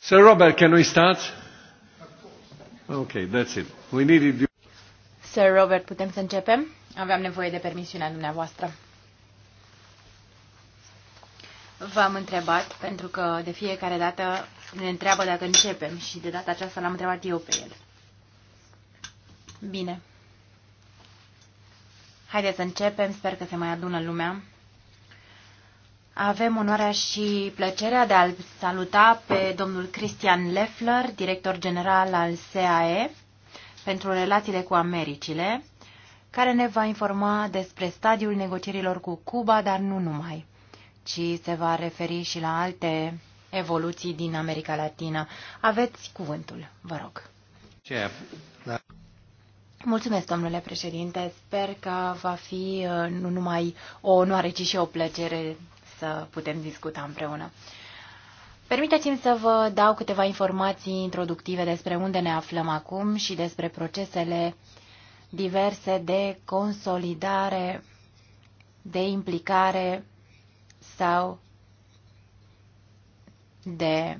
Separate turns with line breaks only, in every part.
Sir Robert, can we start? Okay, that's it. We needed you.
Sir Robert, putem să începem? Aveam nevoie de permisiunea dumneavoastră. V-am întrebat, pentru că de fiecare dată ne întreabă dacă începem și de data aceasta l-am întrebat eu pe el. Bine. Haideți să începem, sper că se mai adună lumea. Avem onoarea și plăcerea de a-l saluta pe domnul Christian Leffler, director general al SAE pentru relațiile cu Americile, care ne va informa despre stadiul negocierilor cu Cuba, dar nu numai, ci se va referi și la alte evoluții din America Latină. Aveți cuvântul, vă rog.
Ce? Da.
Mulțumesc, domnule președinte. Sper că va fi uh, nu numai o onoare, ci și o plăcere să putem discuta împreună. Permiteți-mi să vă dau câteva informații introductive despre unde ne aflăm acum și despre procesele diverse de consolidare, de implicare sau de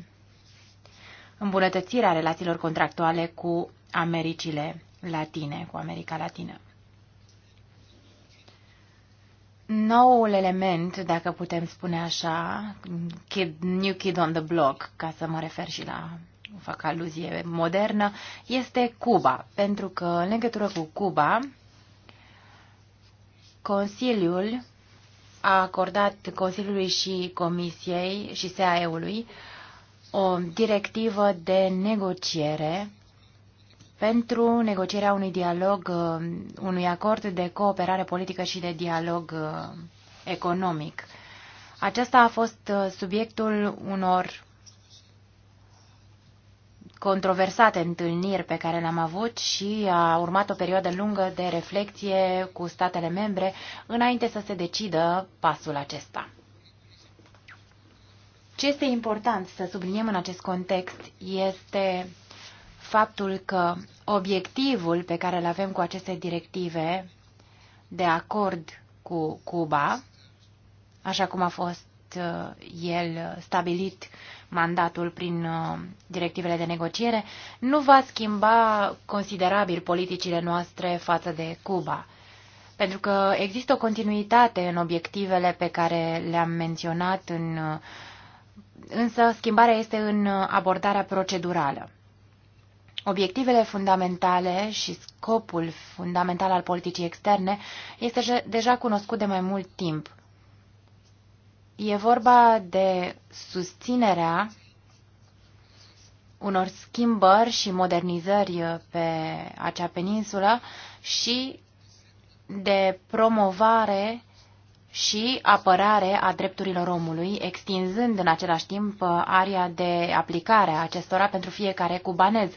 îmbunătățirea relațiilor contractuale cu Americile Latine, cu America Latină noul element, dacă putem spune așa, kid, new kid on the block, ca să mă refer și la fac aluzie modernă, este Cuba. Pentru că în legătură cu Cuba, Consiliul a acordat Consiliului și Comisiei și SAE-ului o directivă de negociere pentru negocierea unui dialog, uh, unui acord de cooperare politică și de dialog uh, economic. Acesta a fost uh, subiectul unor controversate întâlniri pe care le-am avut și a urmat o perioadă lungă de reflexie cu statele membre înainte să se decidă pasul acesta. Ce este important să subliniem în acest context este faptul că obiectivul pe care îl avem cu aceste directive de acord cu Cuba, așa cum a fost uh, el stabilit mandatul prin uh, directivele de negociere, nu va schimba considerabil politicile noastre față de Cuba. Pentru că există o continuitate în obiectivele pe care le-am menționat, în, uh, însă schimbarea este în abordarea procedurală. Obiectivele fundamentale și scopul fundamental al politicii externe este deja cunoscut de mai mult timp. E vorba de susținerea unor schimbări și modernizări pe acea peninsulă și de promovare și apărare a drepturilor omului, extinzând în același timp aria de aplicare a acestora pentru fiecare cubanez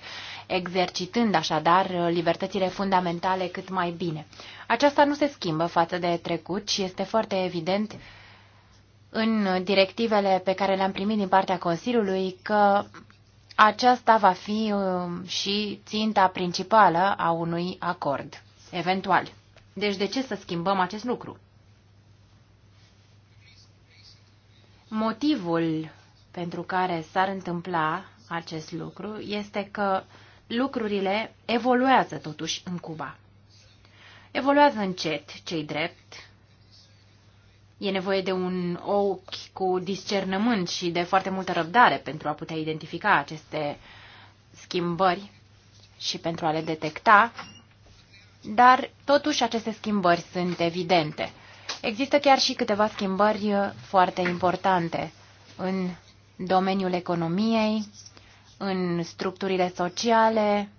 exercitând așadar libertățile fundamentale cât mai bine. Aceasta nu se schimbă față de trecut și este foarte evident în directivele pe care le-am primit din partea Consiliului că aceasta va fi uh, și ținta principală a unui acord, eventual. Deci de ce să schimbăm acest lucru? Motivul pentru care s-ar întâmpla acest lucru este că lucrurile evoluează totuși în Cuba. Evoluează încet, cei drept. E nevoie de un ochi cu discernământ și de foarte multă răbdare pentru a putea identifica aceste schimbări și pentru a le detecta, dar totuși aceste schimbări sunt evidente. Există chiar și câteva schimbări foarte importante în domeniul economiei, în structurile sociale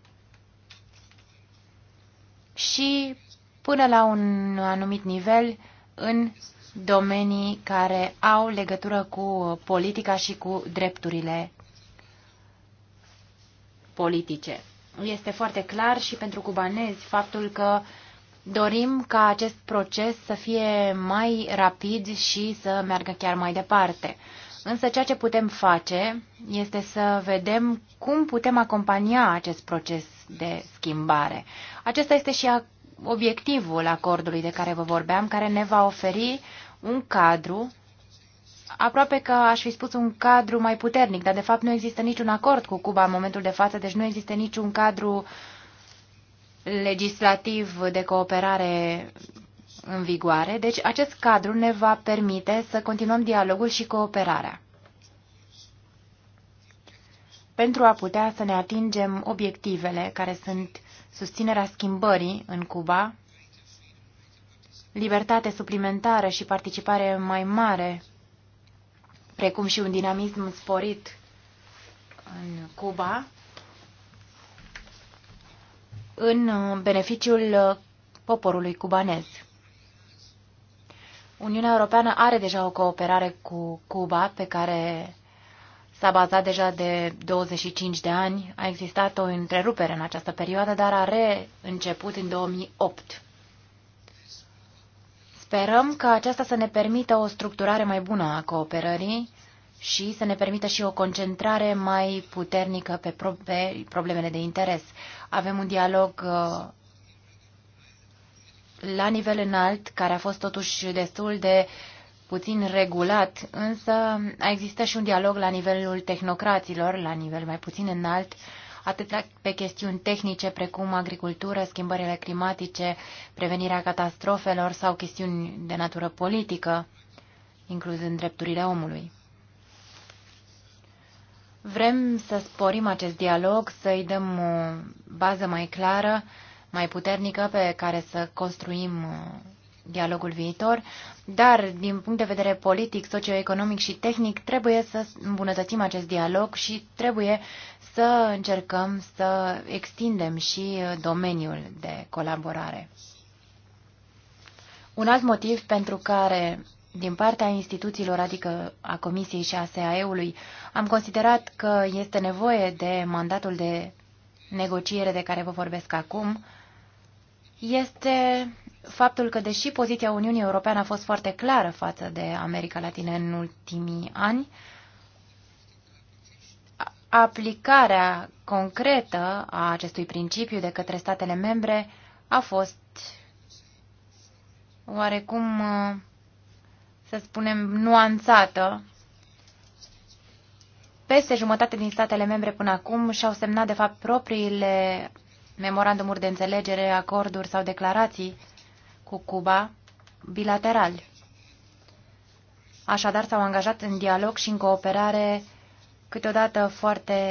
și, până la un anumit nivel, în domenii care au legătură cu politica și cu drepturile politice. Este foarte clar și pentru cubanezi faptul că dorim ca acest proces să fie mai rapid și să meargă chiar mai departe. Însă ceea ce putem face este să vedem cum putem acompania acest proces de schimbare. Acesta este și obiectivul acordului de care vă vorbeam, care ne va oferi un cadru, aproape că aș fi spus un cadru mai puternic, dar de fapt nu există niciun acord cu Cuba în momentul de față, deci nu există niciun cadru legislativ de cooperare în vigoare, deci acest cadru ne va permite să continuăm dialogul și cooperarea pentru a putea să ne atingem obiectivele care sunt susținerea schimbării în Cuba, libertate suplimentară și participare mai mare, precum și un dinamism sporit în Cuba, în beneficiul poporului cubanez. Uniunea Europeană are deja o cooperare cu Cuba pe care s-a bazat deja de 25 de ani. A existat o întrerupere în această perioadă, dar a reînceput în 2008. Sperăm că aceasta să ne permită o structurare mai bună a cooperării și să ne permită și o concentrare mai puternică pe, pro pe problemele de interes. Avem un dialog uh, la nivel înalt, care a fost totuși destul de puțin regulat, însă a existat și un dialog la nivelul tehnocraților, la nivel mai puțin înalt, atât pe chestiuni tehnice precum agricultură, schimbările climatice, prevenirea catastrofelor sau chestiuni de natură politică, incluzând drepturile omului. Vrem să sporim acest dialog, să-i dăm o bază mai clară mai puternică pe care să construim uh, dialogul viitor, dar din punct de vedere politic, socioeconomic și tehnic trebuie să îmbunătățim acest dialog și trebuie să încercăm să extindem și uh, domeniul de colaborare. Un alt motiv pentru care din partea instituțiilor, adică a Comisiei și a SAE-ului, am considerat că este nevoie de mandatul de negociere de care vă vorbesc acum, este faptul că, deși poziția Uniunii Europene a fost foarte clară față de America Latină în ultimii ani, aplicarea concretă a acestui principiu de către statele membre a fost oarecum, să spunem, nuanțată. Peste jumătate din statele membre până acum și-au semnat, de fapt, propriile memorandumuri de înțelegere, acorduri sau declarații cu Cuba bilaterali. Așadar, s-au angajat în dialog și în cooperare câteodată foarte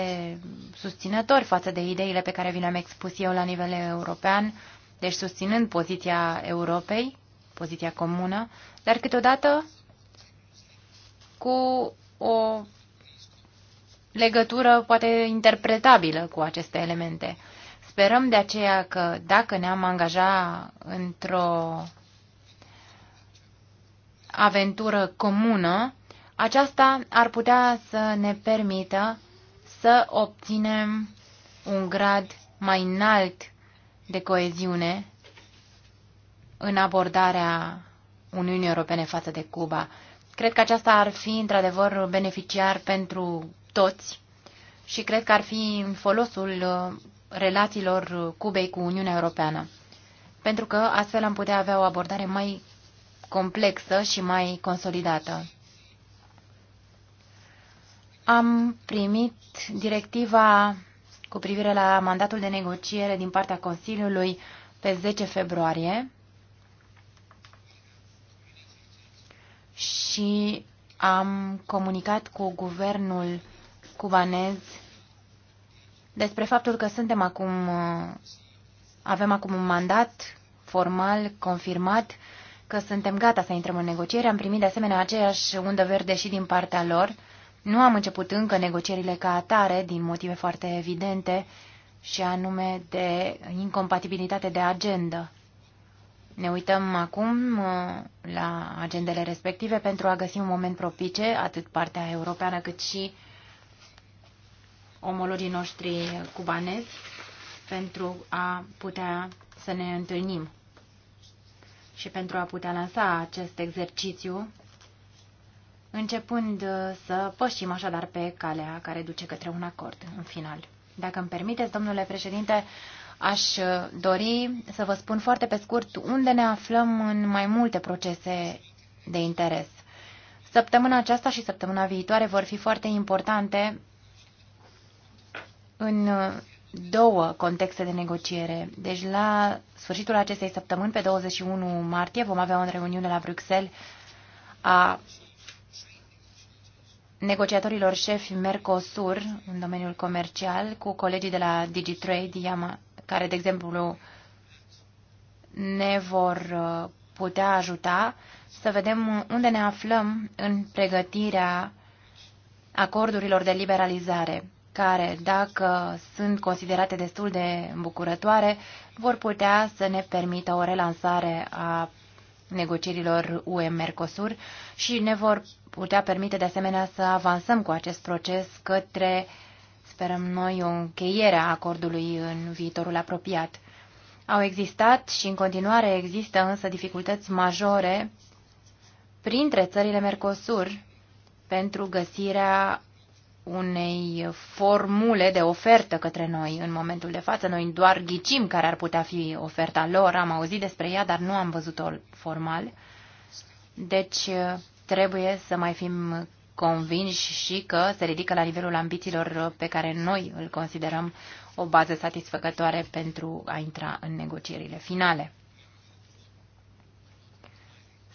susținători față de ideile pe care vi le-am expus eu la nivel european, deci susținând poziția Europei, poziția comună, dar câteodată cu o legătură poate interpretabilă cu aceste elemente. Sperăm de aceea că dacă ne-am angaja într-o aventură comună, aceasta ar putea să ne permită să obținem un grad mai înalt de coeziune în abordarea Uniunii Europene față de Cuba. Cred că aceasta ar fi într-adevăr beneficiar pentru toți și cred că ar fi în folosul relațiilor Cubei cu Uniunea Europeană, pentru că astfel am putea avea o abordare mai complexă și mai consolidată. Am primit directiva cu privire la mandatul de negociere din partea Consiliului pe 10 februarie și am comunicat cu guvernul cubanez despre faptul că suntem acum, uh, avem acum un mandat formal, confirmat, că suntem gata să intrăm în negocieri. Am primit de asemenea aceeași undă verde și din partea lor. Nu am început încă negocierile ca atare, din motive foarte evidente, și anume de incompatibilitate de agendă. Ne uităm acum uh, la agendele respective pentru a găsi un moment propice, atât partea europeană cât și uh, omologii noștri cubanezi pentru a putea să ne întâlnim și pentru a putea lansa acest exercițiu, începând să pășim așadar pe calea care duce către un acord în final. Dacă îmi permiteți, domnule președinte, aș dori să vă spun foarte pe scurt unde ne aflăm în mai multe procese de interes. Săptămâna aceasta și săptămâna viitoare vor fi foarte importante în uh, două contexte de negociere. Deci la sfârșitul acestei săptămâni, pe 21 martie, vom avea o reuniune la Bruxelles a negociatorilor șefi Mercosur în domeniul comercial cu colegii de la DigiTrade, care, de exemplu, ne vor uh, putea ajuta să vedem unde ne aflăm în pregătirea acordurilor de liberalizare care, dacă sunt considerate destul de îmbucurătoare, vor putea să ne permită o relansare a negocierilor UE-Mercosur și ne vor putea permite de asemenea să avansăm cu acest proces către, sperăm noi, o încheiere a acordului în viitorul apropiat. Au existat și în continuare există însă dificultăți majore printre țările Mercosur pentru găsirea unei formule de ofertă către noi în momentul de față. Noi doar ghicim care ar putea fi oferta lor, am auzit despre ea, dar nu am văzut-o formal. Deci trebuie să mai fim convinși și că se ridică la nivelul ambițiilor pe care noi îl considerăm o bază satisfăcătoare pentru a intra în negocierile finale.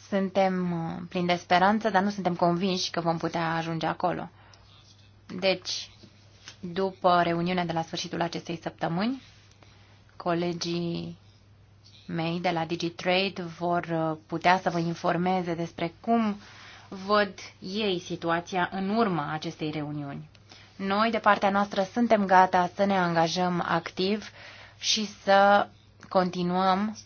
Suntem plini de speranță, dar nu suntem convinși că vom putea ajunge acolo. Deci, după reuniunea de la sfârșitul acestei săptămâni, colegii mei de la DigiTrade vor uh, putea să vă informeze despre cum văd ei situația în urma acestei reuniuni. Noi, de partea noastră, suntem gata să ne angajăm activ și să continuăm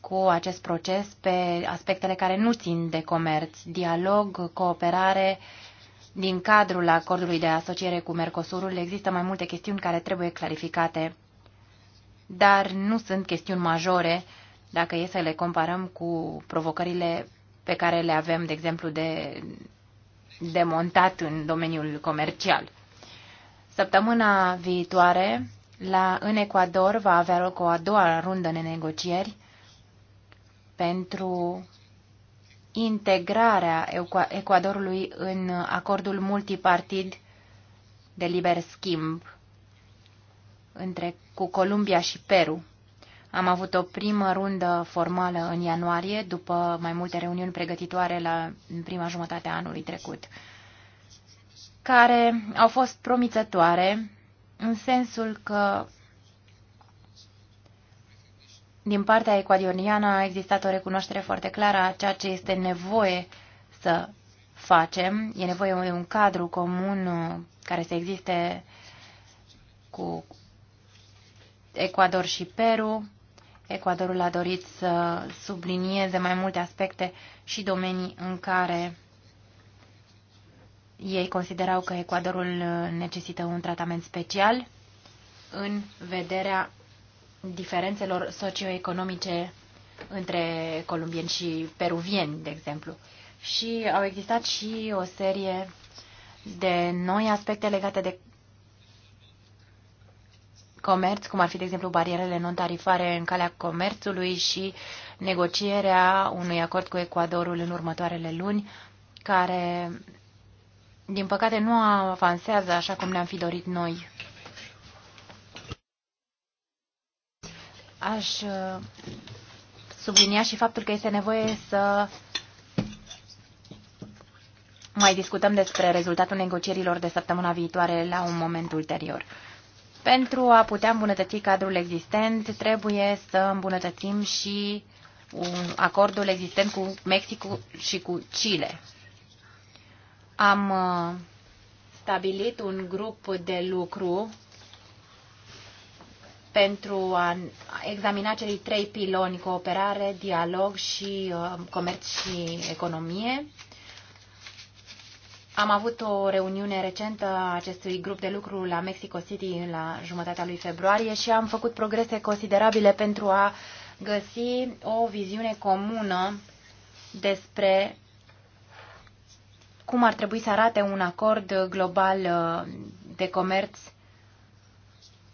cu acest proces pe aspectele care nu țin de comerț, dialog, cooperare, uh, din cadrul acordului de asociere cu Mercosurul există mai multe chestiuni care trebuie clarificate, dar nu sunt chestiuni majore dacă e să le comparăm cu provocările pe care le avem, de exemplu, de demontat în domeniul comercial. Săptămâna viitoare, la, în Ecuador, va avea loc o a doua rundă de negocieri pentru integrarea Ecuadorului în acordul multipartid de liber schimb între, cu Columbia și Peru. Am avut o primă rundă formală în ianuarie, după mai multe reuniuni pregătitoare la, în prima jumătate a anului trecut, care au fost promițătoare în sensul că din partea ecuadoriană a existat o recunoaștere foarte clară a ceea ce este nevoie să facem. E nevoie de un cadru comun uh, care să existe cu Ecuador și Peru. Ecuadorul a dorit să sublinieze mai multe aspecte și domenii în care ei considerau că Ecuadorul uh, necesită un tratament special în vederea diferențelor socioeconomice între colombieni și peruvieni, de exemplu. Și au existat și o serie de noi aspecte legate de comerț, cum ar fi, de exemplu, barierele non-tarifare în calea comerțului și negocierea unui acord cu Ecuadorul în următoarele luni, care, din păcate, nu avansează așa cum ne-am fi dorit noi Aș uh, sublinia și faptul că este nevoie să mai discutăm despre rezultatul negocierilor de săptămâna viitoare la un moment ulterior. Pentru a putea îmbunătăți cadrul existent, trebuie să îmbunătățim și un acordul existent cu Mexicul și cu Chile. Am uh, stabilit un grup de lucru pentru a examina cei trei piloni, cooperare, dialog și uh, comerț și economie. Am avut o reuniune recentă a acestui grup de lucru la Mexico City la jumătatea lui februarie și am făcut progrese considerabile pentru a găsi o viziune comună despre cum ar trebui să arate un acord global uh, de comerț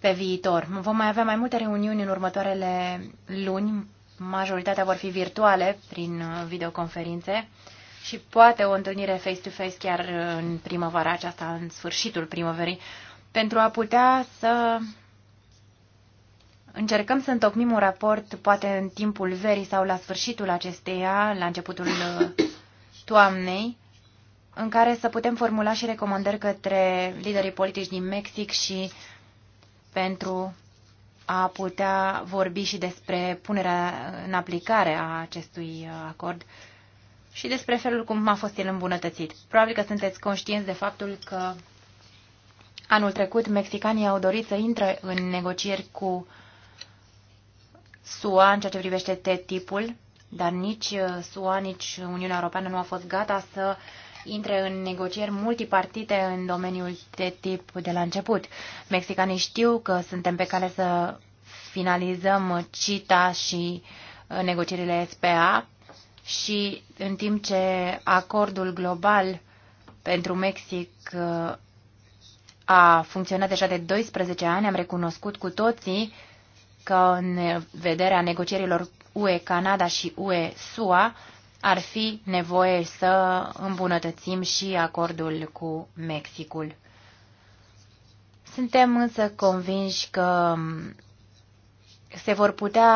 pe viitor. Vom mai avea mai multe reuniuni în următoarele luni, majoritatea vor fi virtuale prin uh, videoconferințe și poate o întâlnire face-to-face -face chiar uh, în primăvara aceasta, în sfârșitul primăverii, pentru a putea să încercăm să întocmim un raport poate în timpul verii sau la sfârșitul acesteia, la începutul uh, toamnei, în care să putem formula și recomandări către liderii politici din Mexic și uh, pentru a putea vorbi și despre punerea în aplicare a acestui uh, acord și despre felul cum a fost el îmbunătățit. Probabil că sunteți conștienți de faptul că anul trecut mexicanii au dorit să intre în negocieri cu SUA în ceea ce privește T-tipul, dar nici uh, SUA, nici Uniunea Europeană nu a fost gata să uh, intre în negocieri multipartite în domeniul de tip de la început. Mexicanii știu că suntem pe cale să finalizăm CITA și uh, negocierile SPA și în timp ce acordul global pentru Mexic uh, a funcționat deja de 12 ani, am recunoscut cu toții că în vederea negocierilor UE-Canada și UE-SUA, ar fi nevoie să îmbunătățim și acordul cu Mexicul. Suntem însă convinși că se vor putea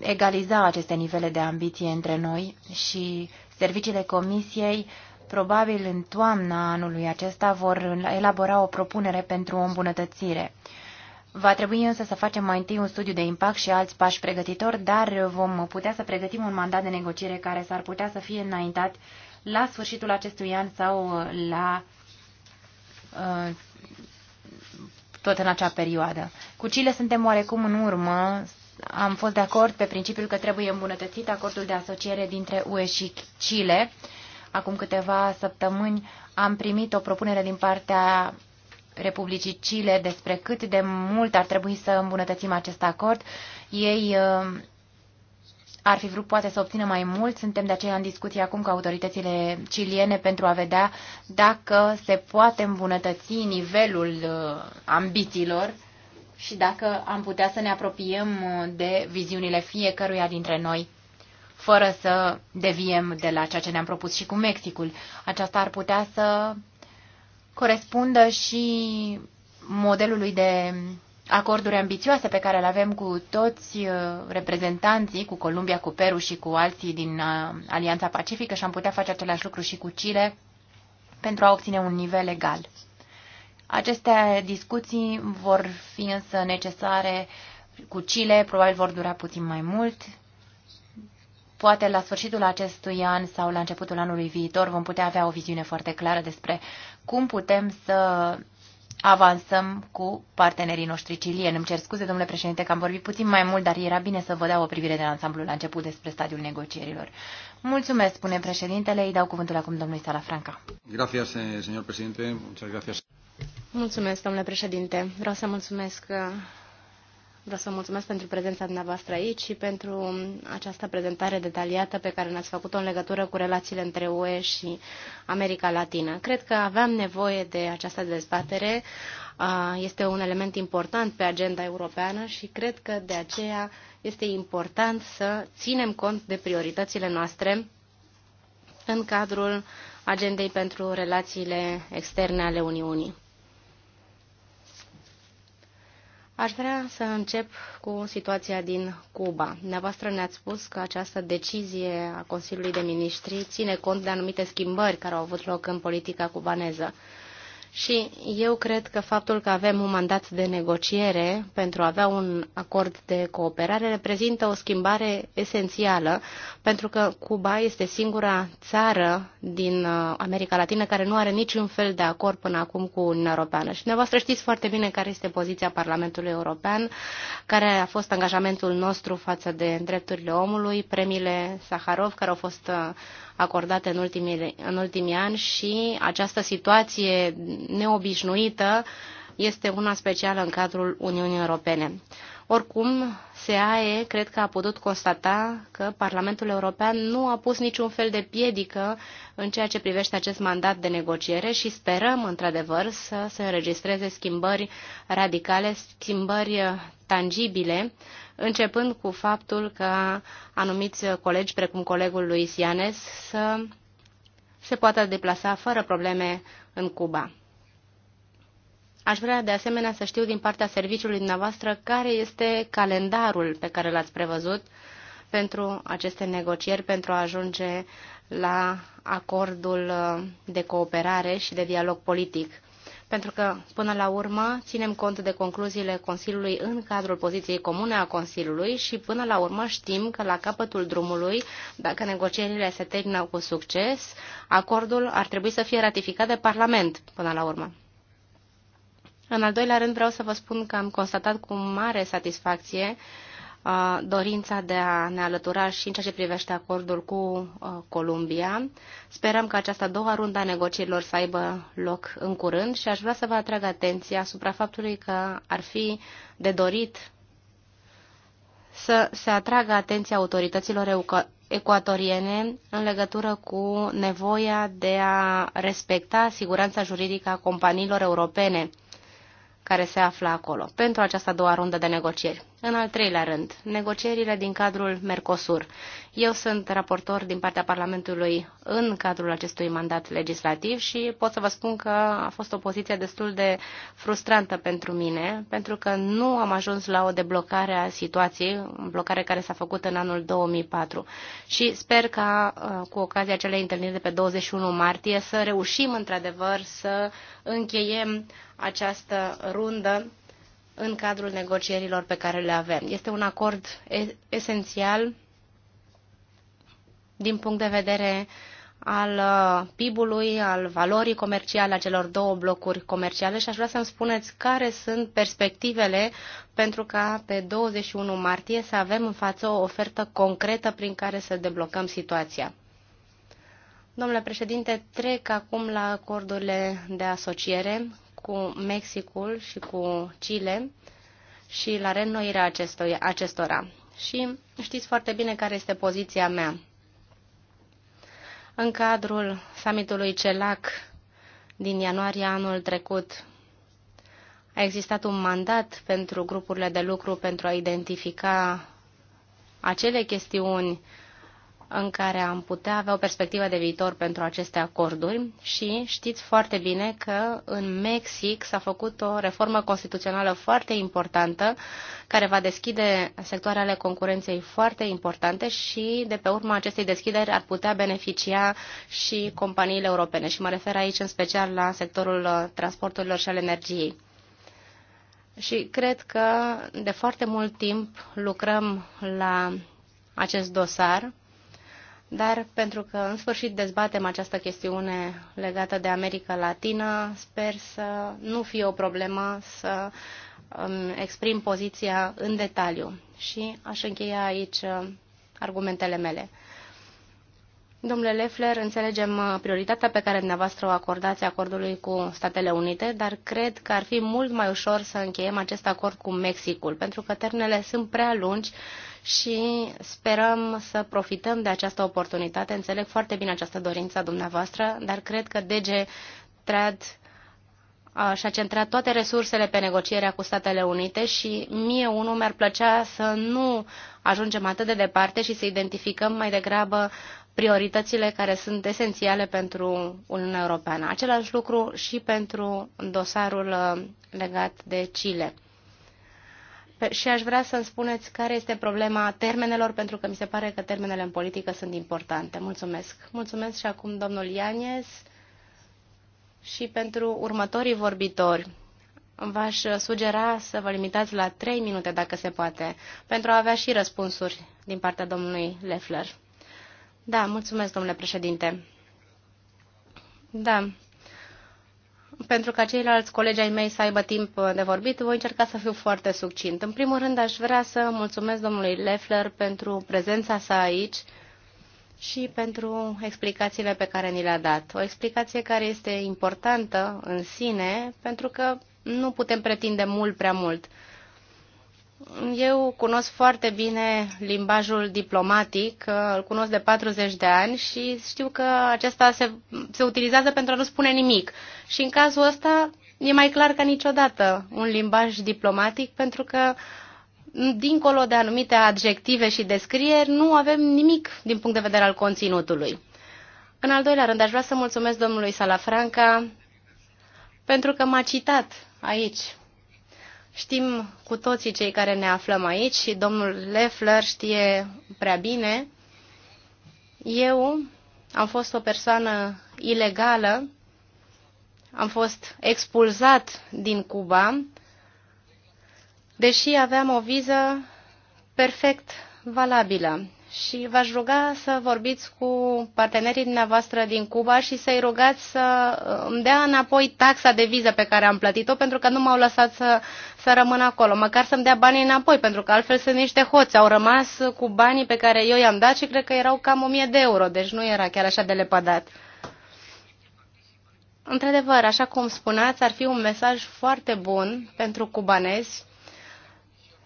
egaliza aceste nivele de ambiție între noi și serviciile Comisiei probabil în toamna anului acesta vor elabora o propunere pentru o îmbunătățire. Va trebui însă să facem mai întâi un studiu de impact și alți pași pregătitori, dar vom putea să pregătim un mandat de negociere care s-ar putea să fie înaintat la sfârșitul acestui an sau uh, la uh, tot în acea perioadă. Cu Chile suntem oarecum în urmă. Am fost de acord pe principiul că trebuie îmbunătățit acordul de asociere dintre UE și Chile. Acum câteva săptămâni am primit o propunere din partea Republicii Chile despre cât de mult ar trebui să îmbunătățim acest acord. Ei uh, ar fi vrut poate să obțină mai mult. Suntem de aceea în discuție acum cu autoritățile ciliene pentru a vedea dacă se poate îmbunătăți nivelul uh, ambițiilor și dacă am putea să ne apropiem uh, de viziunile fiecăruia dintre noi fără să deviem de la ceea ce ne-am propus și cu Mexicul. Aceasta ar putea să corespundă și modelului de acorduri ambițioase pe care le avem cu toți uh, reprezentanții, cu Columbia, cu Peru și cu alții din uh, Alianța Pacifică și am putea face același lucru și cu Chile pentru a obține un nivel egal. Aceste discuții vor fi însă necesare cu Chile, probabil vor dura puțin mai mult. Poate la sfârșitul acestui an sau la începutul anului viitor vom putea avea o viziune foarte clară despre cum putem să avansăm cu partenerii noștri cilieni. Îmi cer scuze, domnule președinte, că am vorbit puțin mai mult, dar era bine să vă dau o privire de la ansamblu la început despre stadiul negocierilor. Mulțumesc, spune președintele. Îi dau cuvântul acum domnului Salafranca.
Gracias, eh, señor presidente. Muchas gracias.
Mulțumesc, domnule președinte.
Vreau să mulțumesc Vreau să mulțumesc pentru prezența dumneavoastră aici și pentru această prezentare detaliată pe care ne-ați făcut-o în legătură cu relațiile între UE și America Latină. Cred că aveam nevoie de această dezbatere. Este un element important pe agenda europeană și cred că de aceea este important să ținem cont de prioritățile noastre în cadrul agendei pentru relațiile externe ale Uniunii. Aș vrea să încep cu situația din Cuba. Dumneavoastră ne-ați spus că această decizie a Consiliului de Ministri ține cont de anumite schimbări care au avut loc în politica cubaneză. Și eu cred că faptul că avem un mandat de negociere pentru a avea un acord de cooperare reprezintă o schimbare esențială, pentru că Cuba este singura țară din uh, America Latină care nu are niciun fel de acord până acum cu Uniunea Europeană. Și dumneavoastră știți foarte bine care este poziția Parlamentului European, care a fost angajamentul nostru față de drepturile omului, premiile Saharov, care au fost uh, acordate în ultimii, în ultimii ani și această situație neobișnuită este una specială în cadrul Uniunii Europene. Oricum, SEAE cred că a putut constata că Parlamentul European nu a pus niciun fel de piedică în ceea ce privește acest mandat de negociere și sperăm, într-adevăr, să se înregistreze schimbări radicale, schimbări tangibile, începând cu faptul că anumiți colegi, precum colegul lui Sianes, să se poată deplasa fără probleme în Cuba. Aș vrea de asemenea să știu din partea serviciului dumneavoastră care este calendarul pe care l-ați prevăzut pentru aceste negocieri, pentru a ajunge la acordul uh, de cooperare și de dialog politic. Pentru că, până la urmă, ținem cont de concluziile Consiliului în cadrul poziției comune a Consiliului și, până la urmă, știm că la capătul drumului, dacă negocierile se termină cu succes, acordul ar trebui să fie ratificat de Parlament, până la urmă. În al doilea rând vreau să vă spun că am constatat cu mare satisfacție uh, dorința de a ne alătura și în ceea ce privește acordul cu uh, Columbia. Sperăm că această a doua rundă a negocierilor să aibă loc în curând și aș vrea să vă atrag atenția asupra faptului că ar fi de dorit să se atragă atenția autorităților ecuatoriene în legătură cu nevoia de a respecta siguranța juridică a companiilor europene care se află acolo pentru această a doua rundă de negocieri. În al treilea rând, negocierile din cadrul Mercosur. Eu sunt raportor din partea Parlamentului în cadrul acestui mandat legislativ și pot să vă spun că a fost o poziție destul de frustrantă pentru mine, pentru că nu am ajuns la o deblocare a situației, o blocare care s-a făcut în anul 2004. Și sper ca uh, cu ocazia acelei întâlniri de pe 21 martie să reușim într-adevăr să încheiem această rundă în cadrul negocierilor pe care le avem. Este un acord esențial din punct de vedere al uh, PIB-ului, al valorii comerciale a celor două blocuri comerciale și aș vrea să-mi spuneți care sunt perspectivele pentru ca pe 21 martie să avem în față o ofertă concretă prin care să deblocăm situația. Domnule președinte, trec acum la acordurile de asociere cu Mexicul și cu Chile și la reînnoirea acestora. Și știți foarte bine care este poziția mea. În cadrul summitului CELAC din ianuarie anul trecut, a existat un mandat pentru grupurile de lucru pentru a identifica acele chestiuni în care am putea avea o perspectivă de viitor pentru aceste acorduri și știți foarte bine că în Mexic s-a făcut o reformă constituțională foarte importantă care va deschide sectoare ale concurenței foarte importante și de pe urma acestei deschideri ar putea beneficia și companiile europene și mă refer aici în special la sectorul uh, transporturilor și al energiei. Și cred că de foarte mult timp lucrăm la acest dosar dar pentru că în sfârșit dezbatem această chestiune legată de America Latină, sper să nu fie o problemă să um, exprim poziția în detaliu. Și aș încheia aici uh, argumentele mele. Domnule Leffler, înțelegem uh, prioritatea pe care dumneavoastră o acordați acordului cu Statele Unite, dar cred că ar fi mult mai ușor să încheiem acest acord cu Mexicul, pentru că termenele sunt prea lungi și sperăm să profităm de această oportunitate. Înțeleg foarte bine această dorință a dumneavoastră, dar cred că DG Trad și-a centrat toate resursele pe negocierea cu Statele Unite și mie unul mi-ar plăcea să nu ajungem atât de departe și să identificăm mai degrabă prioritățile care sunt esențiale pentru Uniunea Europeană. Același lucru și pentru dosarul uh, legat de Chile. Și aș vrea să-mi spuneți care este problema termenelor, pentru că mi se pare că termenele în politică sunt importante. Mulțumesc. Mulțumesc și acum domnul Ianes și pentru următorii vorbitori v-aș sugera să vă limitați la trei minute, dacă se poate, pentru a avea și răspunsuri din partea domnului Leffler. Da, mulțumesc, domnule președinte. Da. Pentru ca ceilalți colegi ai mei să aibă timp de vorbit, voi încerca să fiu foarte succint. În primul rând, aș vrea să mulțumesc domnului Leffler pentru prezența sa aici și pentru explicațiile pe care ni le-a dat. O explicație care este importantă în sine, pentru că nu putem pretinde mult prea mult. Eu cunosc foarte bine limbajul diplomatic, îl cunosc de 40 de ani și știu că acesta se, se utilizează pentru a nu spune nimic. Și în cazul ăsta e mai clar ca niciodată un limbaj diplomatic pentru că dincolo de anumite adjective și descrieri, nu avem nimic din punct de vedere al conținutului. În al doilea rând, aș vrea să mulțumesc domnului Salafranca pentru că m-a citat aici Știm cu toții cei care ne aflăm aici și domnul Leffler știe prea bine. Eu am fost o persoană ilegală, am fost expulzat din Cuba, deși aveam o viză perfect valabilă și v-aș ruga să vorbiți cu partenerii dumneavoastră din Cuba și să-i rugați să uh, îmi dea înapoi taxa de viză pe care am plătit-o, pentru că nu m-au lăsat să, să rămân acolo. Măcar să-mi dea banii înapoi, pentru că altfel sunt niște hoți. Au rămas cu banii pe care eu i-am dat și cred că erau cam 1000 de euro, deci nu era chiar așa de lepădat. Într-adevăr, așa cum spuneați, ar fi un mesaj foarte bun pentru cubanezi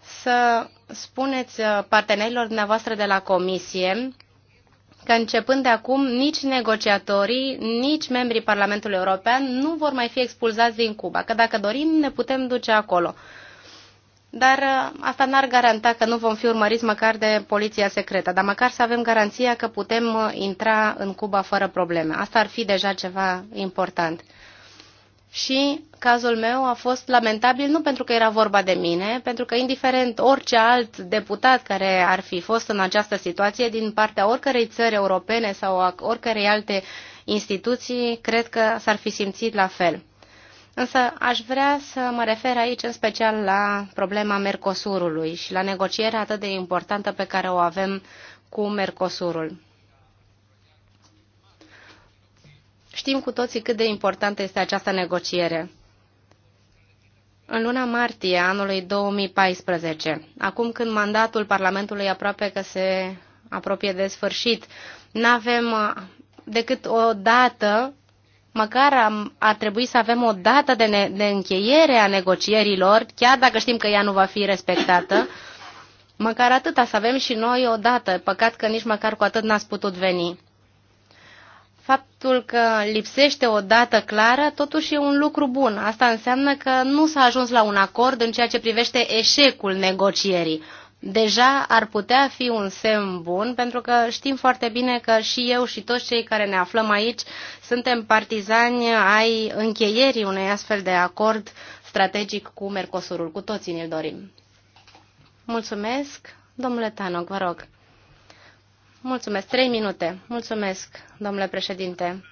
să spuneți uh, partenerilor dumneavoastră de la Comisie că începând de acum nici negociatorii, nici membrii Parlamentului European nu vor mai fi expulzați din Cuba, că dacă dorim ne putem duce acolo. Dar uh, asta n-ar garanta că nu vom fi urmăriți măcar de poliția secretă, dar măcar să avem garanția că putem uh, intra în Cuba fără probleme. Asta ar fi deja ceva important. Și cazul meu a fost lamentabil nu pentru că era vorba de mine, pentru că indiferent orice alt deputat care ar fi fost în această situație din partea oricărei țări europene sau a oricărei alte instituții, cred că s-ar fi simțit la fel. Însă aș vrea să mă refer aici în special la problema Mercosurului și la negocierea atât de importantă pe care o avem cu Mercosurul. Știm cu toții cât de importantă este această negociere. În luna martie anului 2014, acum când mandatul Parlamentului aproape că se apropie de sfârșit, n-avem uh, decât o dată, măcar am, ar trebui să avem o dată de, ne, de încheiere a negocierilor, chiar dacă știm că ea nu va fi respectată, măcar atâta să avem și noi o dată. Păcat că nici măcar cu atât n-ați putut veni. Faptul că lipsește o dată clară, totuși e un lucru bun. Asta înseamnă că nu s-a ajuns la un acord în ceea ce privește eșecul negocierii. Deja ar putea fi un semn bun, pentru că știm foarte bine că și eu și toți cei care ne aflăm aici suntem partizani ai încheierii unei astfel de acord strategic cu Mercosurul. Cu toții ne-l dorim. Mulțumesc. Domnule Tanoc, vă rog. Mulțumesc. Trei minute. Mulțumesc, domnule președinte.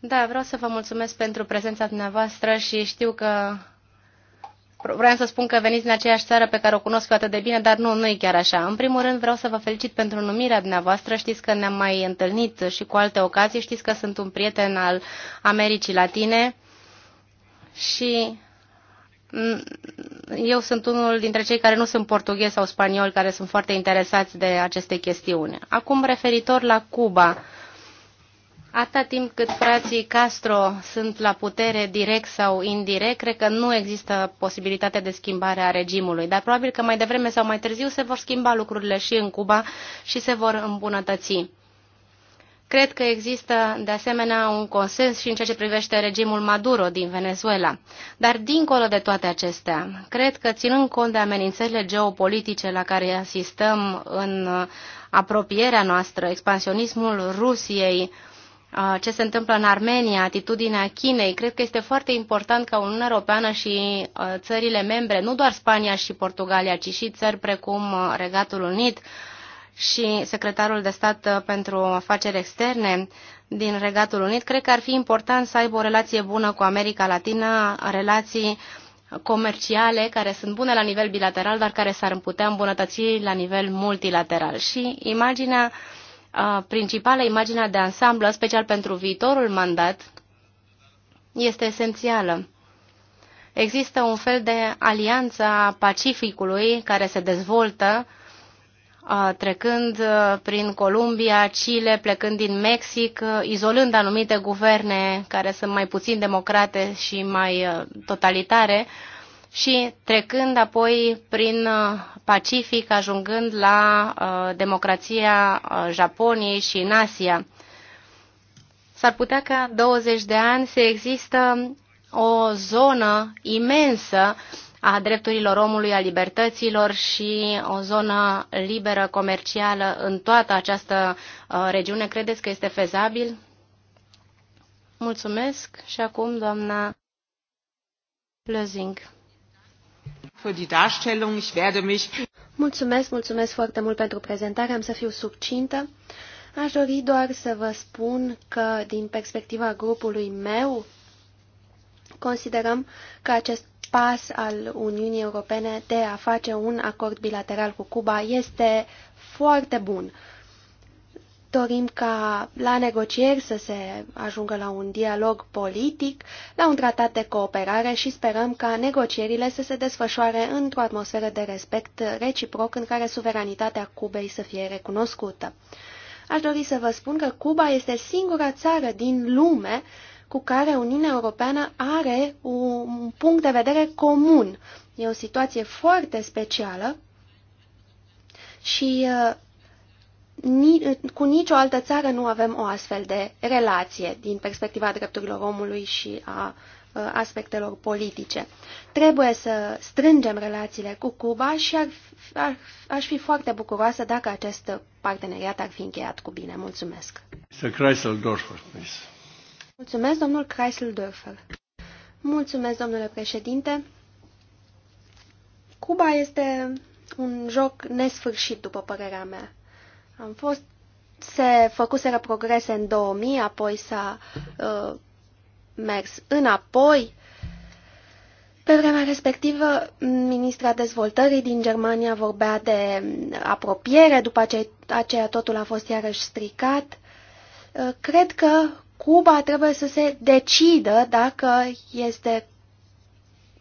Da, vreau să vă mulțumesc pentru prezența dumneavoastră și știu că vreau să spun că veniți din aceeași țară pe care o cunosc atât de bine, dar nu, nu e chiar așa. În primul rând vreau să vă felicit pentru numirea dumneavoastră. Știți că ne-am mai întâlnit și cu alte ocazii. Știți că sunt un prieten al Americii Latine și Mm, eu sunt unul dintre cei care nu sunt portughezi sau spanioli, care sunt foarte interesați de aceste chestiuni. Acum, referitor la Cuba, atâta timp cât frații Castro sunt la putere direct sau indirect, cred că nu există posibilitatea de schimbare a regimului, dar probabil că mai devreme sau mai târziu se vor schimba lucrurile și în Cuba și se vor îmbunătăți. Cred că există, de asemenea, un consens și în ceea ce privește regimul Maduro din Venezuela. Dar, dincolo de toate acestea, cred că, ținând cont de amenințările geopolitice la care asistăm în apropierea noastră, expansionismul Rusiei, ce se întâmplă în Armenia, atitudinea Chinei. Cred că este foarte important ca Uniunea Europeană și țările membre, nu doar Spania și Portugalia, ci și țări precum Regatul Unit, și secretarul de stat uh, pentru afaceri externe din Regatul Unit, cred că ar fi important să aibă o relație bună cu America Latina, relații comerciale care sunt bune la nivel bilateral, dar care s-ar putea îmbunătăți la nivel multilateral. Și imaginea uh, principală, imaginea de ansamblu, special pentru viitorul mandat, este esențială. Există un fel de alianță a Pacificului care se dezvoltă trecând prin Columbia, Chile, plecând din Mexic, izolând anumite guverne care sunt mai puțin democrate și mai totalitare și trecând apoi prin Pacific, ajungând la democrația Japoniei și în Asia. S-ar putea ca 20 de ani să există o zonă imensă a drepturilor omului, a libertăților și o zonă liberă comercială în toată această uh, regiune. Credeți că este fezabil? Mulțumesc și acum doamna Lăzing.
Mulțumesc, mulțumesc foarte mult pentru prezentare, am să fiu subcintă. Aș dori doar să vă spun că, din perspectiva grupului meu, considerăm că acest pas al Uniunii Europene de a face un acord bilateral cu Cuba este foarte bun. Dorim ca la negocieri să se ajungă la un dialog politic, la un tratat de cooperare și sperăm ca negocierile să se desfășoare într-o atmosferă de respect reciproc în care suveranitatea Cubei să fie recunoscută. Aș dori să vă spun că Cuba este singura țară din lume cu care Uniunea Europeană are un punct de vedere comun. E o situație foarte specială și uh, cu nicio altă țară nu avem o astfel de relație din perspectiva drepturilor omului și a uh, aspectelor politice. Trebuie să strângem relațiile cu Cuba și ar, ar, aș fi foarte bucuroasă dacă acest parteneriat ar fi încheiat cu bine. Mulțumesc! Mr. Chrysler Dorford, please. Mulțumesc, domnul Kreisel-Dörfer. Mulțumesc, domnule președinte. Cuba este un joc nesfârșit, după părerea mea. Am fost, se făcuseră progrese în 2000, apoi s-a uh, mers înapoi. Pe vremea respectivă, ministra dezvoltării din Germania vorbea de apropiere, după aceea totul a fost iarăși stricat. Uh, cred că Cuba trebuie să se decidă dacă este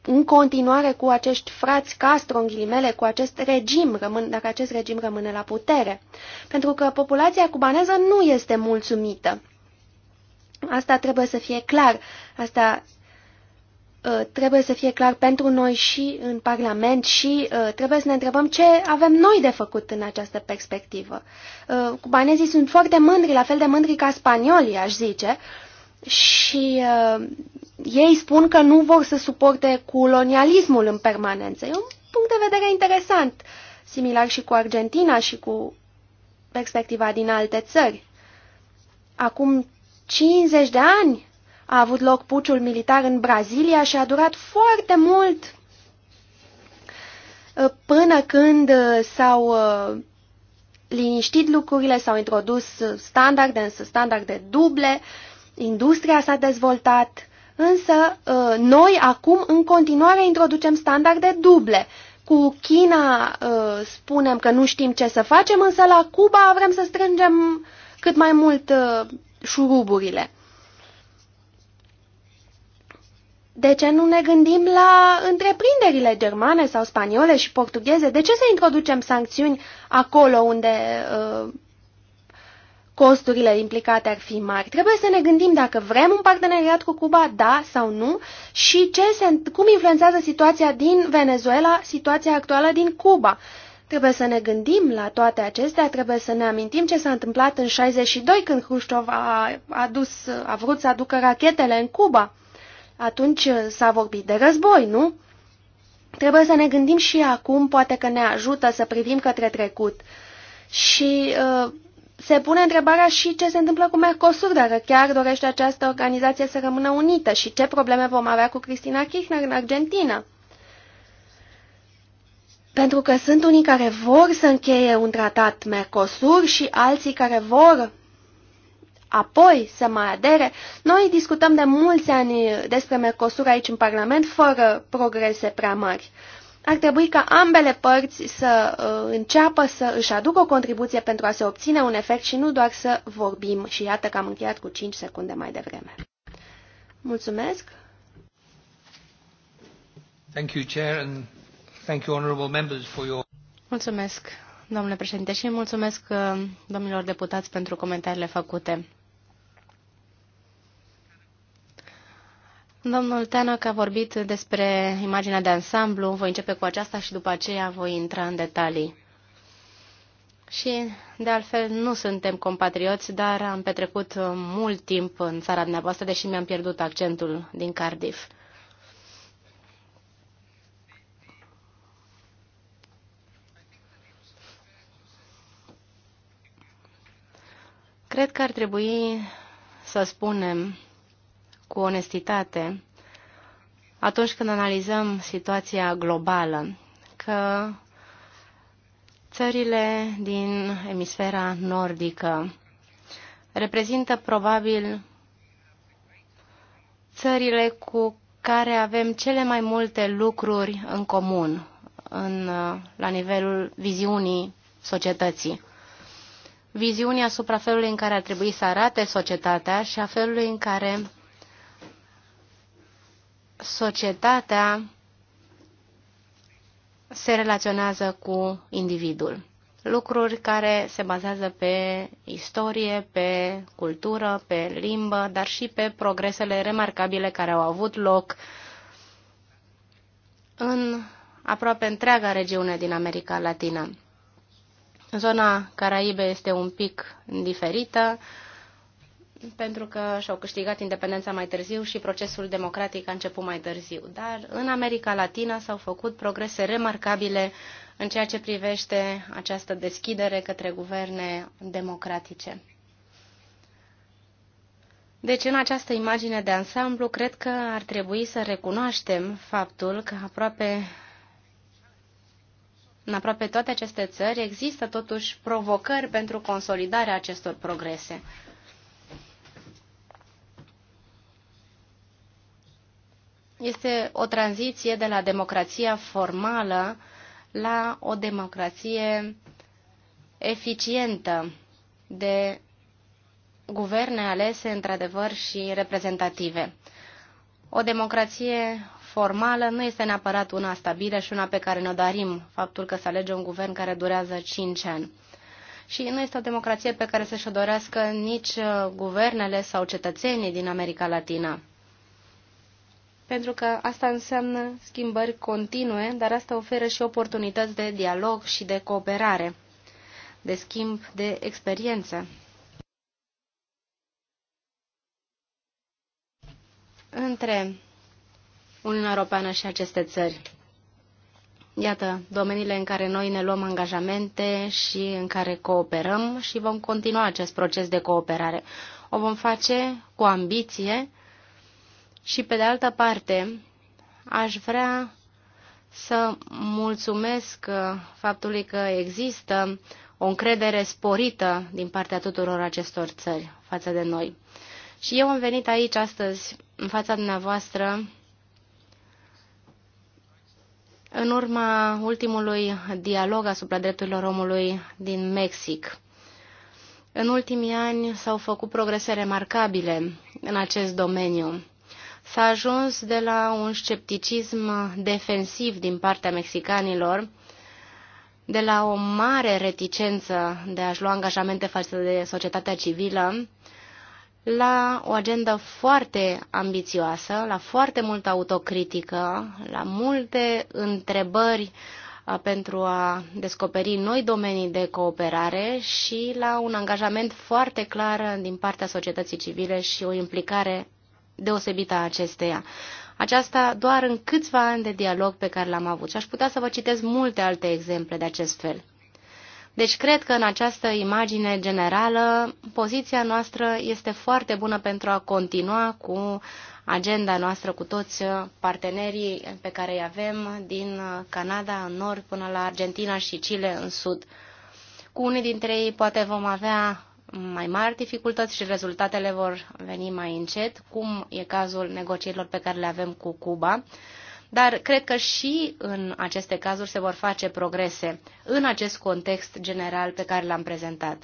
în continuare cu acești frați Castro, în ghilimele, cu acest regim, rămân, dacă acest regim rămâne la putere. Pentru că populația cubaneză nu este mulțumită. Asta trebuie să fie clar. Asta Uh, trebuie să fie clar pentru noi și în Parlament și uh, trebuie să ne întrebăm ce avem noi de făcut în această perspectivă. Uh, cubanezii sunt foarte mândri, la fel de mândri ca spaniolii, aș zice, și uh, ei spun că nu vor să suporte colonialismul în permanență. E un punct de vedere interesant, similar și cu Argentina și cu perspectiva din alte țări. Acum 50 de ani a avut loc puciul militar în Brazilia și a durat foarte mult uh, până când uh, s-au uh, liniștit lucrurile, s-au introdus standarde, însă standarde duble, industria s-a dezvoltat, însă noi acum în continuare introducem standarde duble. Cu China spunem că nu știm ce să facem, însă la Cuba vrem să strângem cât mai mult șuruburile. De ce nu ne gândim la întreprinderile germane sau spaniole și portugheze? De ce să introducem sancțiuni acolo unde uh, costurile implicate ar fi mari? Trebuie să ne gândim dacă vrem un parteneriat cu Cuba, da sau nu, și ce se, cum influențează situația din Venezuela, situația actuală din Cuba. Trebuie să ne gândim la toate acestea, trebuie să ne amintim ce s-a întâmplat în 62 când Hrușciov a, adus, a vrut să aducă rachetele în Cuba atunci uh, s-a vorbit de război, nu? Trebuie să ne gândim și acum, poate că ne ajută să privim către trecut. Și uh, se pune întrebarea și ce se întâmplă cu Mercosur, dacă chiar dorește această organizație să rămână unită și ce probleme vom avea cu Cristina Kirchner în Argentina. Pentru că sunt unii care vor să încheie un tratat Mercosur și alții care vor apoi să mai adere. Noi discutăm de mulți ani despre Mercosur aici în Parlament, fără progrese prea mari. Ar trebui ca ambele părți să uh, înceapă să își aducă o contribuție pentru a se obține un efect și nu doar să vorbim. Și iată că am încheiat cu 5 secunde mai devreme. Mulțumesc! Thank you, Chair, and thank you, honorable members, for your...
Mulțumesc, domnule președinte, și mulțumesc uh, domnilor deputați pentru comentariile făcute. Domnul Teanăc a vorbit despre imaginea de ansamblu, voi începe cu aceasta și după aceea voi intra în detalii. Și, de altfel, nu suntem compatrioți, dar am petrecut mult timp în țara dumneavoastră, deși mi-am pierdut accentul din Cardiff. Cred că ar trebui să spunem cu onestitate atunci când analizăm situația globală, că țările din emisfera nordică reprezintă probabil țările cu care avem cele mai multe lucruri în comun în, la nivelul viziunii societății. Viziunii asupra felului în care ar trebui să arate societatea și a felului în care societatea se relaționează cu individul. Lucruri care se bazează pe istorie, pe cultură, pe limbă, dar și pe progresele remarcabile care au avut loc în aproape întreaga regiune din America Latină. Zona Caraibe este un pic diferită, pentru că și-au câștigat independența mai târziu și procesul democratic a început mai târziu. Dar în America Latina s-au făcut progrese remarcabile în ceea ce privește această deschidere către guverne democratice. Deci, în această imagine de ansamblu, cred că ar trebui să recunoaștem faptul că aproape în aproape toate aceste țări există totuși provocări pentru consolidarea acestor progrese. Este o tranziție de la democrația formală la o democrație eficientă de guverne alese într-adevăr și reprezentative. O democrație formală nu este neapărat una stabilă și una pe care ne-o dorim, faptul că se alege un guvern care durează 5 ani. Și nu este o democrație pe care să-și o dorească nici guvernele sau cetățenii din America Latină pentru că asta înseamnă schimbări continue, dar asta oferă și oportunități de dialog și de cooperare, de schimb de experiență. Între Uniunea Europeană și aceste țări. Iată domeniile în care noi ne luăm angajamente și în care cooperăm și vom continua acest proces de cooperare. O vom face cu ambiție, și pe de altă parte, aș vrea să mulțumesc uh, faptului că există o încredere sporită din partea tuturor acestor țări față de noi. Și eu am venit aici astăzi, în fața dumneavoastră, în urma ultimului dialog asupra drepturilor omului din Mexic. În ultimii ani s-au făcut progrese remarcabile în acest domeniu S-a ajuns de la un scepticism defensiv din partea mexicanilor, de la o mare reticență de a-și lua angajamente față de societatea civilă, la o agendă foarte ambițioasă, la foarte multă autocritică, la multe întrebări pentru a descoperi noi domenii de cooperare și la un angajament foarte clar din partea societății civile și o implicare deosebită a acesteia. Aceasta doar în câțiva ani de dialog pe care l-am avut și aș putea să vă citesc multe alte exemple de acest fel. Deci cred că în această imagine generală poziția noastră este foarte bună pentru a continua cu agenda noastră cu toți partenerii pe care îi avem din Canada în nord până la Argentina și Chile în sud. Cu unii dintre ei poate vom avea mai mari dificultăți și rezultatele vor veni mai încet, cum e cazul negocierilor pe care le avem cu Cuba. Dar cred că și în aceste cazuri se vor face progrese în acest context general pe care l-am prezentat.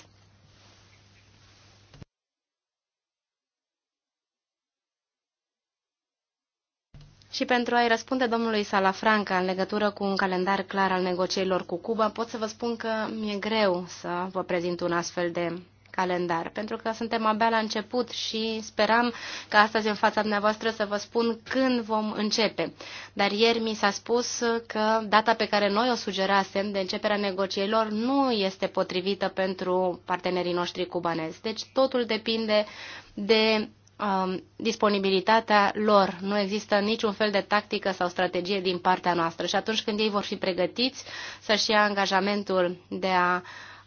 Și pentru a-i răspunde domnului Salafranca în legătură cu un calendar clar al negocierilor cu Cuba, pot să vă spun că mi-e greu să vă prezint un astfel de calendar, pentru că suntem abia la început și speram că astăzi în fața dumneavoastră să vă spun când vom începe. Dar ieri mi s-a spus că data pe care noi o sugerasem de începerea negocierilor nu este potrivită pentru partenerii noștri cubanezi. Deci totul depinde de um, disponibilitatea lor. Nu există niciun fel de tactică sau strategie din partea noastră și atunci când ei vor fi pregătiți să-și ia angajamentul de a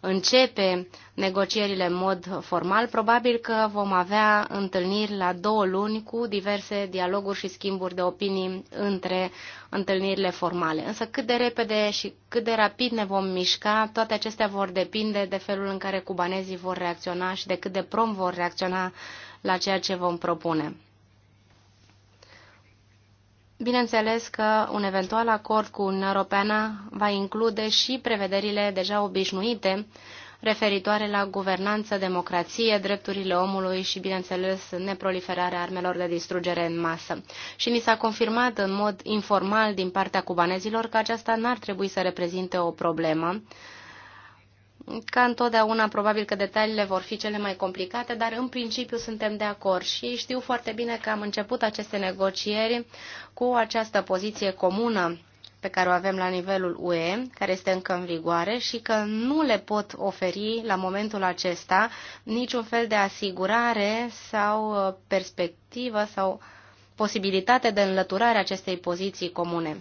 începe negocierile în mod formal, probabil că vom avea întâlniri la două luni cu diverse dialoguri și schimburi de opinii între întâlnirile formale. Însă cât de repede și cât de rapid ne vom mișca, toate acestea vor depinde de felul în care cubanezii vor reacționa și de cât de prom vor reacționa la ceea ce vom propune. Bineînțeles că un eventual acord cu Uniunea Europeană va include și prevederile deja obișnuite referitoare la guvernanță, democrație, drepturile omului și, bineînțeles, neproliferarea armelor de distrugere în masă. Și ni s-a confirmat în mod informal din partea cubanezilor că aceasta n-ar trebui să reprezinte o problemă, ca întotdeauna, probabil că detaliile vor fi cele mai complicate, dar în principiu suntem de acord și știu foarte bine că am început aceste negocieri cu această poziție comună pe care o avem la nivelul UE, care este încă în vigoare și că nu le pot oferi la momentul acesta niciun fel de asigurare sau uh, perspectivă sau posibilitate de înlăturare acestei poziții comune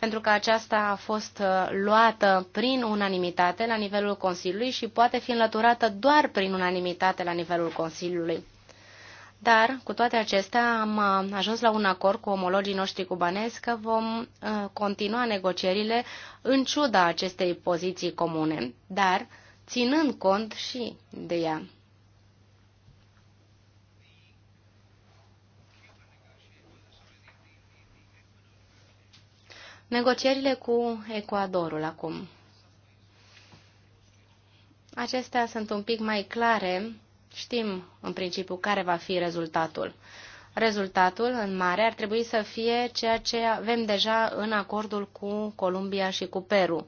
pentru că aceasta a fost uh, luată prin unanimitate la nivelul Consiliului și poate fi înlăturată doar prin unanimitate la nivelul Consiliului. Dar, cu toate acestea, am uh, ajuns la un acord cu omologii noștri cubanezi că vom uh, continua negocierile în ciuda acestei poziții comune, dar ținând cont și de ea. Negocierile cu Ecuadorul acum. Acestea sunt un pic mai clare. Știm, în principiu, care va fi rezultatul. Rezultatul, în mare, ar trebui să fie ceea ce avem deja în acordul cu Columbia și cu Peru.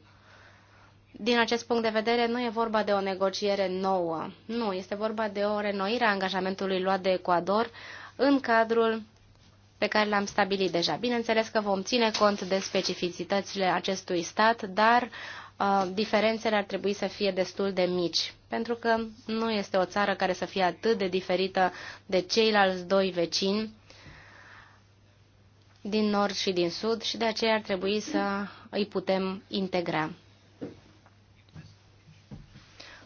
Din acest punct de vedere, nu e vorba de o negociere nouă. Nu, este vorba de o renoire a angajamentului luat de Ecuador în cadrul pe care l-am stabilit deja. Bineînțeles că vom ține cont de specificitățile acestui stat, dar uh, diferențele ar trebui să fie destul de mici, pentru că nu este o țară care să fie atât de diferită de ceilalți doi vecini din nord și din sud și de aceea ar trebui să îi putem integra.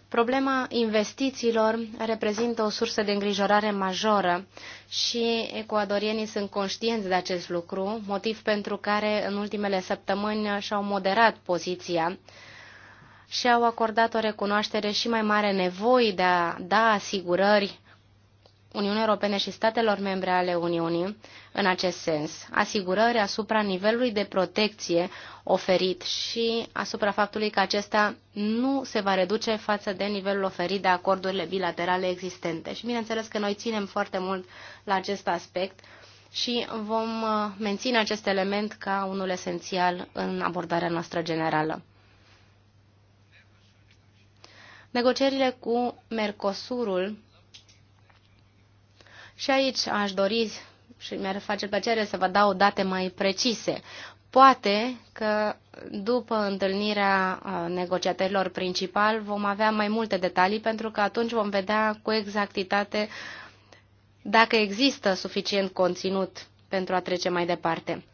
Problema investițiilor reprezintă o sursă de îngrijorare majoră și ecuadorienii sunt conștienți de acest lucru, motiv pentru care în ultimele săptămâni și-au moderat poziția și au acordat o recunoaștere și mai mare nevoi de a da asigurări Uniunii Europene și statelor membre ale Uniunii în acest sens, asigurări asupra nivelului de protecție oferit și asupra faptului că acesta nu se va reduce față de nivelul oferit de acordurile bilaterale existente. Și bineînțeles că noi ținem foarte mult la acest aspect și vom uh, menține acest element ca unul esențial în abordarea noastră generală. Negocierile cu Mercosurul și aici aș dori și mi-ar face plăcere să vă dau date mai precise. Poate că după întâlnirea negociatorilor principal vom avea mai multe detalii pentru că atunci vom vedea cu exactitate dacă există suficient conținut pentru a trece mai departe.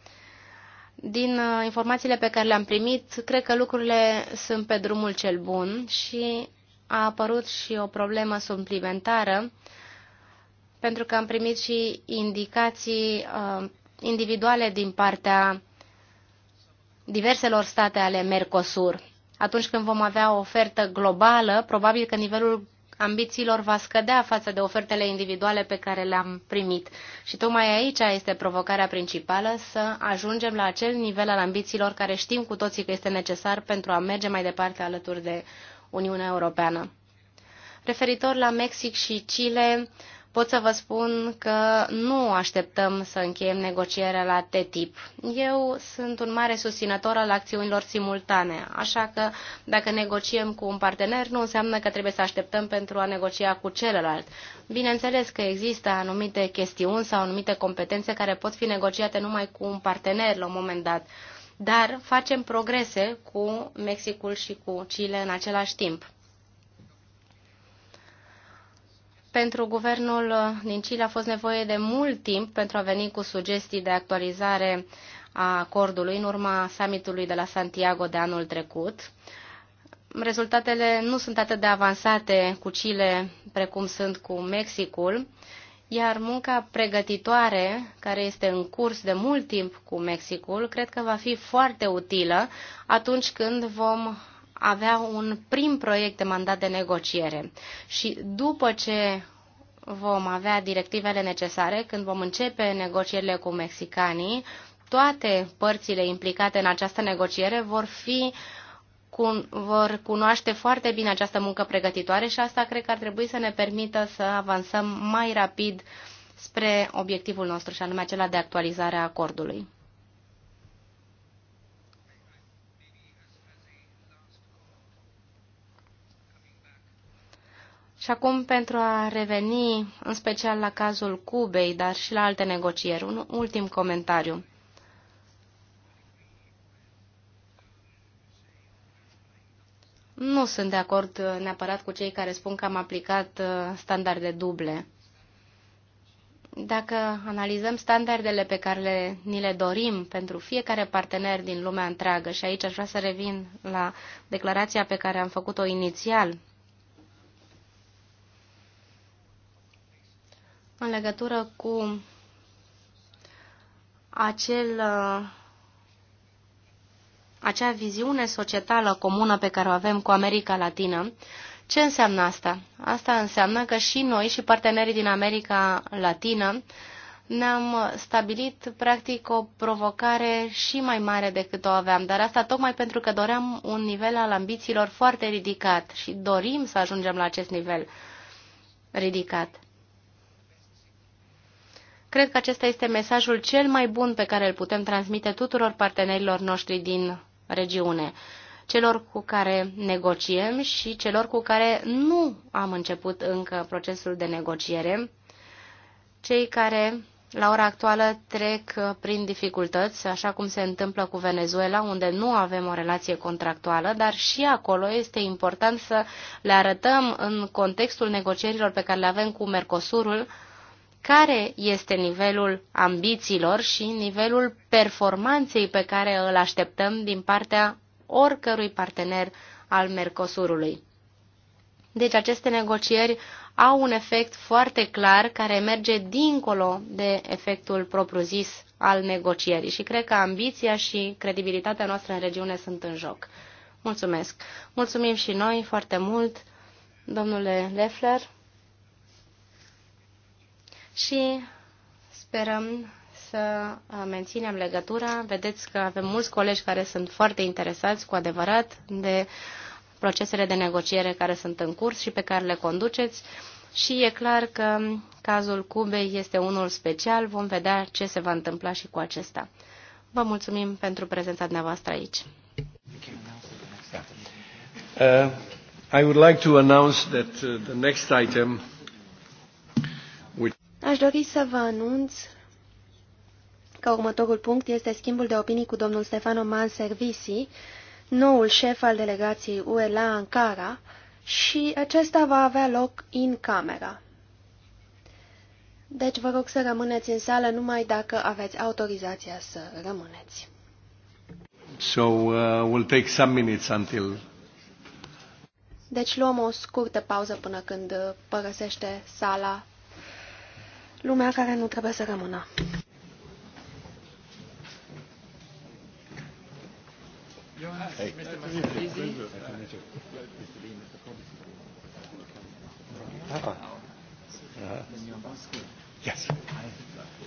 Din informațiile pe care le-am primit, cred că lucrurile sunt pe drumul cel bun și a apărut și o problemă suplimentară pentru că am primit și indicații uh, individuale din partea diverselor state ale Mercosur. Atunci când vom avea o ofertă globală, probabil că nivelul ambițiilor va scădea față de ofertele individuale pe care le-am primit. Și tocmai aici este provocarea principală, să ajungem la acel nivel al ambițiilor care știm cu toții că este necesar pentru a merge mai departe alături de Uniunea Europeană. Referitor la Mexic și Chile, pot să vă spun că nu așteptăm să încheiem negocierea la TTIP. Eu sunt un mare susținător al acțiunilor simultane, așa că dacă negociem cu un partener, nu înseamnă că trebuie să așteptăm pentru a negocia cu celălalt. Bineînțeles că există anumite chestiuni sau anumite competențe care pot fi negociate numai cu un partener la un moment dat, dar facem progrese cu Mexicul și cu Chile în același timp. Pentru guvernul uh, din Chile a fost nevoie de mult timp pentru a veni cu sugestii de actualizare a acordului în urma summitului de la Santiago de anul trecut. Rezultatele nu sunt atât de avansate cu Chile precum sunt cu Mexicul, iar munca pregătitoare, care este în curs de mult timp cu Mexicul, cred că va fi foarte utilă atunci când vom avea un prim proiect de mandat de negociere. Și după ce vom avea directivele necesare, când vom începe negocierile cu mexicanii, toate părțile implicate în această negociere vor fi cun, vor cunoaște foarte bine această muncă pregătitoare și asta cred că ar trebui să ne permită să avansăm mai rapid spre obiectivul nostru și anume acela de actualizare a acordului. Și acum, pentru a reveni în special la cazul Cubei, dar și la alte negocieri, un ultim comentariu. Nu sunt de acord neapărat cu cei care spun că am aplicat uh, standarde duble. Dacă analizăm standardele pe care le, ni le dorim pentru fiecare partener din lumea întreagă, și aici aș vrea să revin la declarația pe care am făcut-o inițial în legătură cu acel, uh, acea viziune societală comună pe care o avem cu America Latină. Ce înseamnă asta? Asta înseamnă că și noi și partenerii din America Latină ne-am stabilit practic o provocare și mai mare decât o aveam, dar asta tocmai pentru că doream un nivel al ambițiilor foarte ridicat și dorim să ajungem la acest nivel ridicat. Cred că acesta este mesajul cel mai bun pe care îl putem transmite tuturor partenerilor noștri din regiune, celor cu care negociem și celor cu care nu am început încă procesul de negociere, cei care la ora actuală trec prin dificultăți, așa cum se întâmplă cu Venezuela, unde nu avem o relație contractuală, dar și acolo este important să le arătăm în contextul negocierilor pe care le avem cu Mercosurul, care este nivelul ambițiilor și nivelul performanței pe care îl așteptăm din partea oricărui partener al Mercosurului. Deci aceste negocieri au un efect foarte clar care merge dincolo de efectul propriu-zis al negocierii și cred că ambiția și credibilitatea noastră în regiune sunt în joc. Mulțumesc! Mulțumim și noi foarte mult, domnule Leffler și sperăm să uh, menținem legătura. Vedeți că avem mulți colegi care sunt foarte interesați cu adevărat de procesele de negociere care sunt în curs și pe care le conduceți și e clar că cazul Cubei este unul special. Vom vedea ce se va întâmpla și cu acesta. Vă mulțumim pentru prezența dumneavoastră aici.
Uh, I would like to announce that uh, the next item Aș dori să vă anunț că următorul punct este schimbul de opinii cu domnul Stefano Manservisi, noul șef al delegației UE la Ankara, și acesta va avea loc în camera. Deci vă rog să rămâneți în sală numai dacă aveți autorizația să rămâneți. So uh, we'll take some minutes until deci luăm o scurtă pauză până când părăsește sala lumea care nu trebuie să rămână. Hey. Ah. Uh, yes.